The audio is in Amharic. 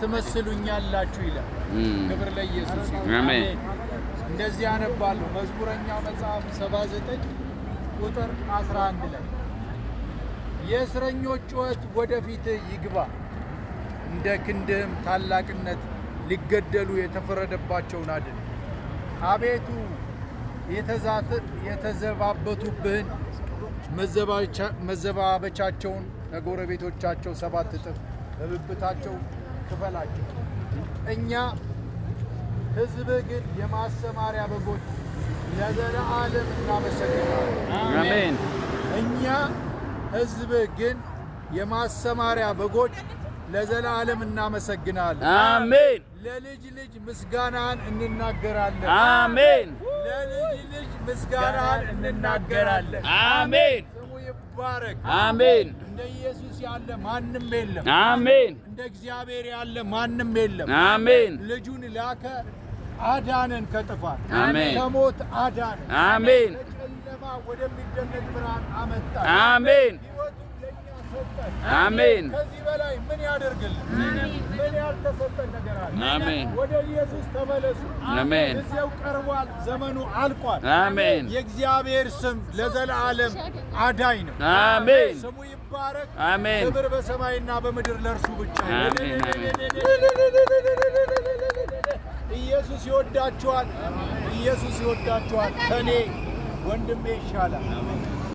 ትመስሉኛላችሁ ይላል። ክብር ለኢየሱስ አሜን። እንደዚህ አነባለሁ መዝሙረኛ መጽሐፍ 79 ቁጥር 11 ላይ የእስረኞች ጩኸት ወደፊት ይግባ፣ እንደ ክንድህም ታላቅነት ሊገደሉ የተፈረደባቸውን አድን። አቤቱ የተዘባበቱብህን መዘባበቻቸውን ለጎረቤቶቻቸው ሰባት እጥፍ በብብታቸው ክፈላቸው። እኛ ህዝብ ግን የማሰማሪያ በጎች ለዘለዓለም እናመሰግናለን። አሜን። እኛ ህዝብ ግን የማሰማሪያ በጎች አለም እናመሰግናለን። አሜን። ለልጅ ልጅ ምስጋናን እንናገራለን። አሜን። ለልጅ ልጅ ምስጋናን እንናገራለን። አሜን። ይባረክ። አሜን። እንደ ኢየሱስ ያለ ማንም የለም። አሜን። እንደ እግዚአብሔር ያለ ማንም የለም። አሜን። ልጁን ላከ፣ አዳነን ከጥፋት አሜን። ከሞት አዳነን አሜን። ከጨለማ ወደሚደነቅ ብርሃን አመጣ አሜን። አሜን። ከዚህ በላይ ምን ያደርግልን? ምን ያልተሰጠን ነገር አለ? አሜን። ወደ ኢየሱስ ተመለሱ። አሜን። ቀርቧል። ዘመኑ አልቋል። አሜን። የእግዚአብሔር ስም ለዘላለም አዳኝ ነው። አሜን። ስሙ ይባረክ። አሜን። ክብር በሰማይና በምድር ለእርሱ ብቻ። ኢየሱስ ይወዳችኋል። ኢየሱስ ይወዳችኋል። ከኔ ወንድሜ ይሻላል።